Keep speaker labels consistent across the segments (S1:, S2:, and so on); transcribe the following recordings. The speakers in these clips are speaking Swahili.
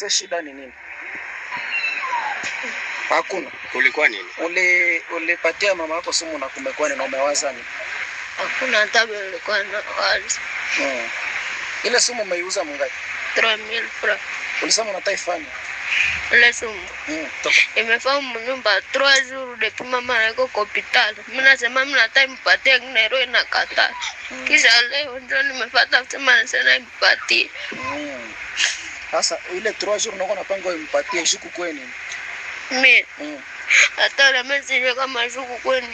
S1: Sasa shida ni nini? Hakuna. Ulikuwa nini? Ule ulipatia mama yako sumu na kumekuwa ni umewaza nini? Hakuna hata nilikuwa na wazi. Hmm. Ile sumu
S2: umeiuza mungapi? 3000 francs.
S1: Ulisema unataka ifanye. Ile sumu. Hmm.
S2: Imefanya mnyumba 3 jours depuis mama yako kwa hospitali. Mimi nasema mimi nataka nipatie ngine roho inakataa. Hmm. Kisha leo ndio nimefuata sema nasema nipatie.
S1: Hmm. Sasa ile 3 jours unakuwa unapanga umpatie Juku kwenu.
S2: Mimi. Mm. Hata na message kama Juku kwenu.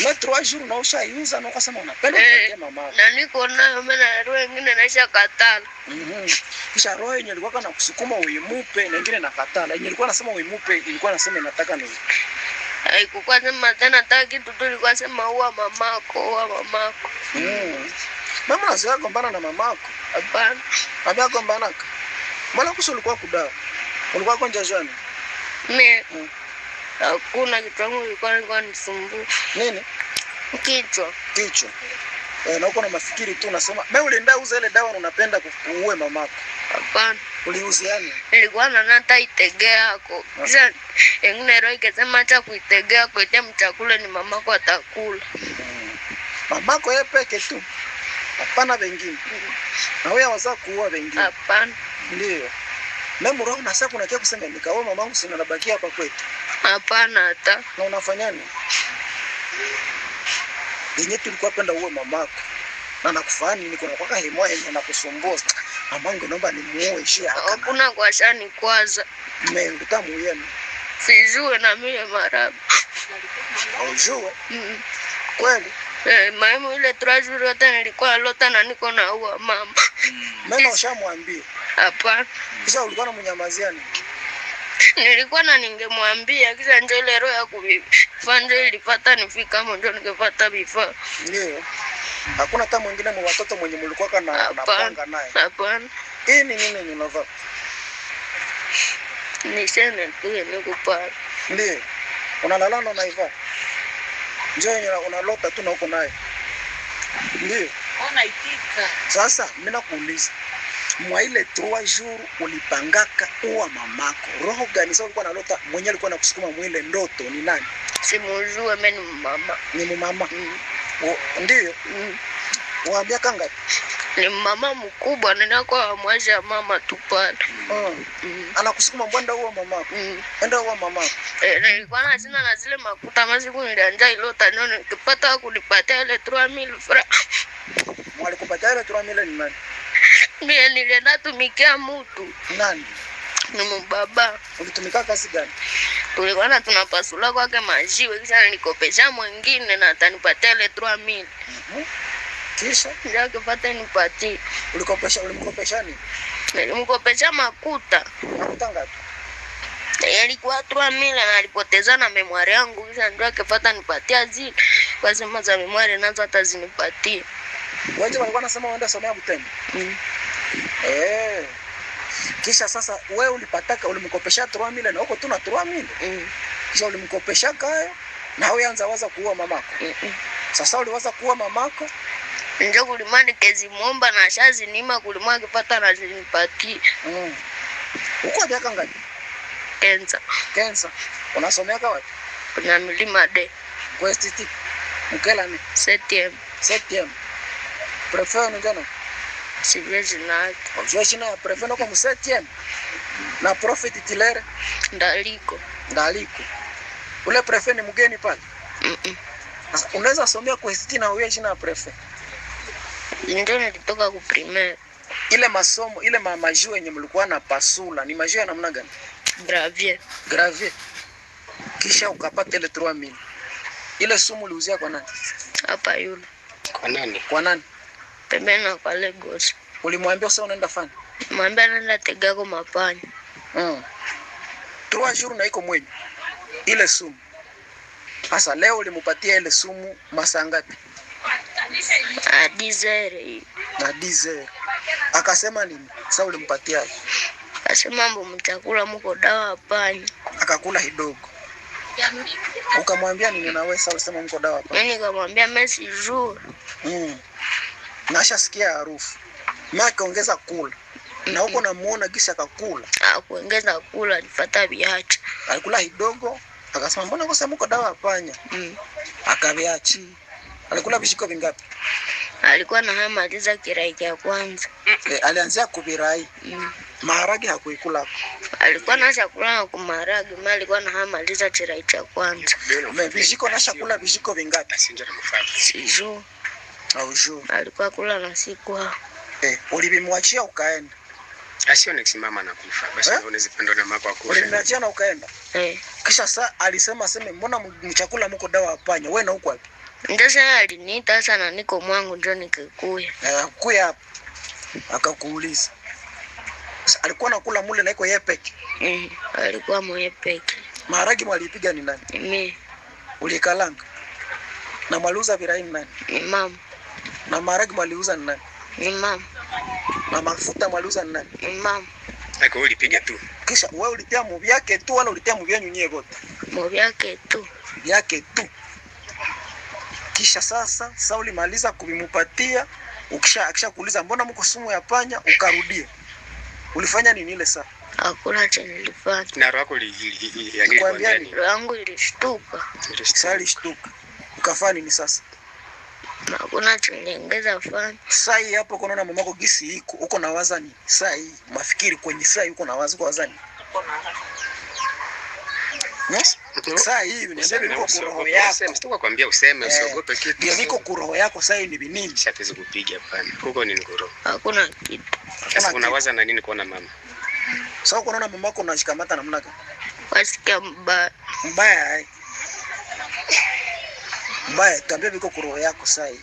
S2: Na 3 jours unaosha iuza na ukasema unapenda kupatia eh, mama. Na niko nayo mimi na roho nyingine naisha katala.
S1: Mhm. Kisha roho yenyewe ilikuwa kana kusukuma uimupe na nyingine nakatala. Yenyewe ilikuwa nasema uimupe,
S2: ilikuwa nasema nataka ni Haikukuwa sema tena taka kitu tu, ilikuwa sema uwa mamako, uwa mamako. Mm. Mama asiwagombana na mamako. Hapana.
S1: Ameagombanaka. Mbona kuso ulikuwa kudawa? Ulikuwa gonja jana? Mimi hmm. hakuna mm. Kitu changu ilikuwa ilikuwa nisumbu. Nini? Kichwa. Kichwa. Eh, na uko na mafikiri tu unasema, "Mimi ulienda uza ile dawa unapenda kuue mamako." Hapana. Uliuziani?
S2: Nilikuwa na nata itegea yako. Ah. acha kuitegea kwa ni mamako atakula. Hmm.
S1: Mamako peke tu. Hapana wengine. Hmm. Na kuua wengine. Hapana. Ndiyo. Na mroho na sasa kuna kia kusema nikaoa mamangu sina nabaki hapa kwetu. Hapana hata. Na unafanya nini? Yenye tulikuwa penda uwe mamako. Na nakufanya nini kuna kwaka himwa yenye nakusumbua.
S2: Mamangu naomba nimuoe shi hapa. Hakuna kwa shani kwaza. Mimi tamu yenu. Sijue na mimi marabu. Unajua? Mm. Kweli? Eh, mama yule trajuri hata nilikuwa lota na niko na uwa mama. Mm. Mimi
S1: ushamwambia. Hapana. Kisha ulikuwa unamnyamazia nini?
S2: Nilikuwa na ningemwambia kisha ndio ile roho ya kufanya ilipata nifika hapo ndio ningepata vifaa.
S1: Ndio. Hakuna hata mwingine mwa watoto mwenye mlikuwa kana unapanga
S2: naye. Hapana.
S1: Hii ni nini unavaa? Ni shene tu nikupa. Ndio. Unalala na unaivaa. Njoo unalota tu na uko naye. Ndio. Unaitika. Sasa mimi nakuuliza mwa ile trois jours ulipangaka uwa mamako, roho gani sasa ulikuwa nalota mwenye alikuwa nakusukuma mwile ndoto? Ni nani? Si mujue mimi ni mama, ni mama mm.
S2: Ndio mm. wa miaka ngapi? Ni mama mkubwa, ninakuwa mwaja mama tupana mm. mm. anakusukuma mbwanda uwa mamako mm. enda uwa mama eh, nilikuwa eh, na sina na zile makuta masiku nilianja ilota ndio nikipata kulipatia ile 3000 francs. Mwalikupatia ile 3000 ni nani? Mie nilienda tumikia mutu. Nani? Ni mubaba. Ulitumika kazi gani? Tulikuwa na tunapasula kwake majiwe kisha alikopesha mwingine na atanipatia ile 3000. Mhm. Kisha ndio akipata nipatie. Ulikopesha ulimkopesha nini? Nilimkopesha makuta. Makuta ngapi? Yalikuwa 3000 na alipoteza na memoria yangu kisha ndio akipata nipatia zile. Kwa sema za memoria nazo hata zinipatie. Waje walikuwa nasema waenda somea Butembo. Mhm.
S1: Eh. Kisha sasa wewe ulipataka ulimkopesha 3 3000 na huko tu na 3000. Mm. Kisha ulimkopesha kaya na wewe anza waza kuua mamako. Mm -mm. Sasa
S2: uliwaza kuua mamako ndio kulimani kezi muomba na shazi nima kulimwa kipata na zinipaki. Mm. Uko miaka ngapi? Kenza. Kenza. Unasomea kwa wapi? Kuna milima de. Kwa Kwesti. Mkela ni?
S1: Septième. Septième. Prefere ni gani? Siwezi na. Unajua na kwa na prophet Tilere ndaliko. Ndaliko. Ule prefe ni mgeni pale. Mm -mm. Unaweza somea kwa na uwe jina prefe. Ndio nilitoka ku primaire. Ile masomo, ile yenye mlikuwa na pasula, ni ya namna gani? Gravier. Gravier. Kisha ukapata ile 3000. Ile sumu uliuzia kwa nani? Hapa yule. Kwa nani? Kwa nani? pembeni na kwa Lagos. Ulimwambia sasa unaenda fani? Mwambia naenda tegago Mapani. Mm. Trois jours na iko mwenye ile sumu. Sasa leo ulimpatia ile sumu masaa ngapi?
S2: Na
S1: Na Adizere. Akasema nini? Sasa ulimpatia? Akasema mbo mtakula mko dawa hapana. Akakula kidogo.
S2: Ukamwambia nini
S1: na wewe sasa usema mko dawa hapana? Mimi
S2: yaani nikamwambia mimi si
S1: jour. Mm nashasikia harufu maki ongeza kula na huko mm. namuona kisha akakula akuongeza
S2: kula alipata viacha alikula
S1: kidogo akasema mbona kosa mko dawa apanya mm.
S2: akaviachi alikula vishiko vingapi alikuwa na hamaliza kirai cha kwanza e, alianzia kuvirai mm. maharage hakuikula alikuwa na chakula kwa maharage mimi alikuwa na hamaliza kirai cha kwanza vishiko na chakula vishiko vingapi sijui
S1: Aujo. Alikuwa kula na siku hao. Eh, ulibimwachia ukaenda. Asio ah, nikisimama na kufa. Basi eh? Unaweza penda na mako akufa. Ulibimwachia na ukaenda. Eh. Kisha saa alisema sema mbona mchakula mko dawa apanya. Wewe na huko wapi?
S2: Ndio sana aliniita sana niko mwangu ndio nikikuya.
S1: Eh, kuya hapa. Akakuuliza. Alikuwa nakula mule na iko yeye peke. Eh, mm, alikuwa mwe peke. Maharagi mwalipiga ni nani? Mimi. Ulikalanga. Na mwaluza virai nani? Mama. Na maragi mwaliuza ni nani? Imam. Na mafuta mwaliuza ni nani? Imam. mama. Ako ulipiga tu. Kisha wewe ulitia mu vyake tu wala ulitia mu vyanyu nyewe vote? Mu vyake tu. Vyake tu. Kisha sasa Sauli maliza kubimupatia ukisha akisha kuuliza mbona mko sumu ya panya, ukarudia. Ulifanya nini ile saa? Hakuna cha nilifanya. Na roho yako ilikuambia nini? Roho yangu ilishtuka. ilishtuka. Ukafanya nini sasa? hakuna chenengeza fani sai hapo. kuna na mamako gisi iko uko na wazani sai mafikiri kwenye sai uko na kwa wazani useme eh, usiogope kitu. Ndio niko yako sasa ni binini? kupiga Huko ni Hakuna kitu. Sasa unawaza na nini kuona mama? Sasa unashikamata namna gani? Wasikia mbaya. Mbaya. Eh? mbaya, tuambie viko kuroho yako sai.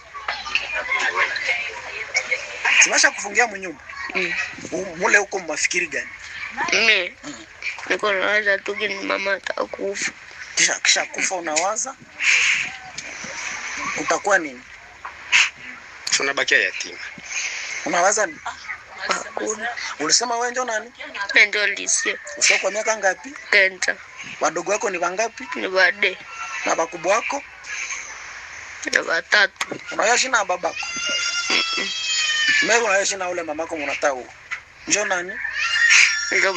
S1: simasha kufungia munyumba mm. Mule huko mafikiri gani?
S2: Mimi mm. niko nawaza tu gini mama atakufa.
S1: Kisha kisha kufa unawaza utakuwa nini? Unabakia yatima. Unawaza ni Hakuna. Ulisema wewe ndio nani? Ndio Lisio. Usio kwa miaka ngapi? kenta Wadogo wako ni wangapi? Ni wade. Na wakubwa wako? Ndio tatu. Unaishi na babako? Mimi unaishi na ule mamako mnataka.
S2: Njoo nani? Ndio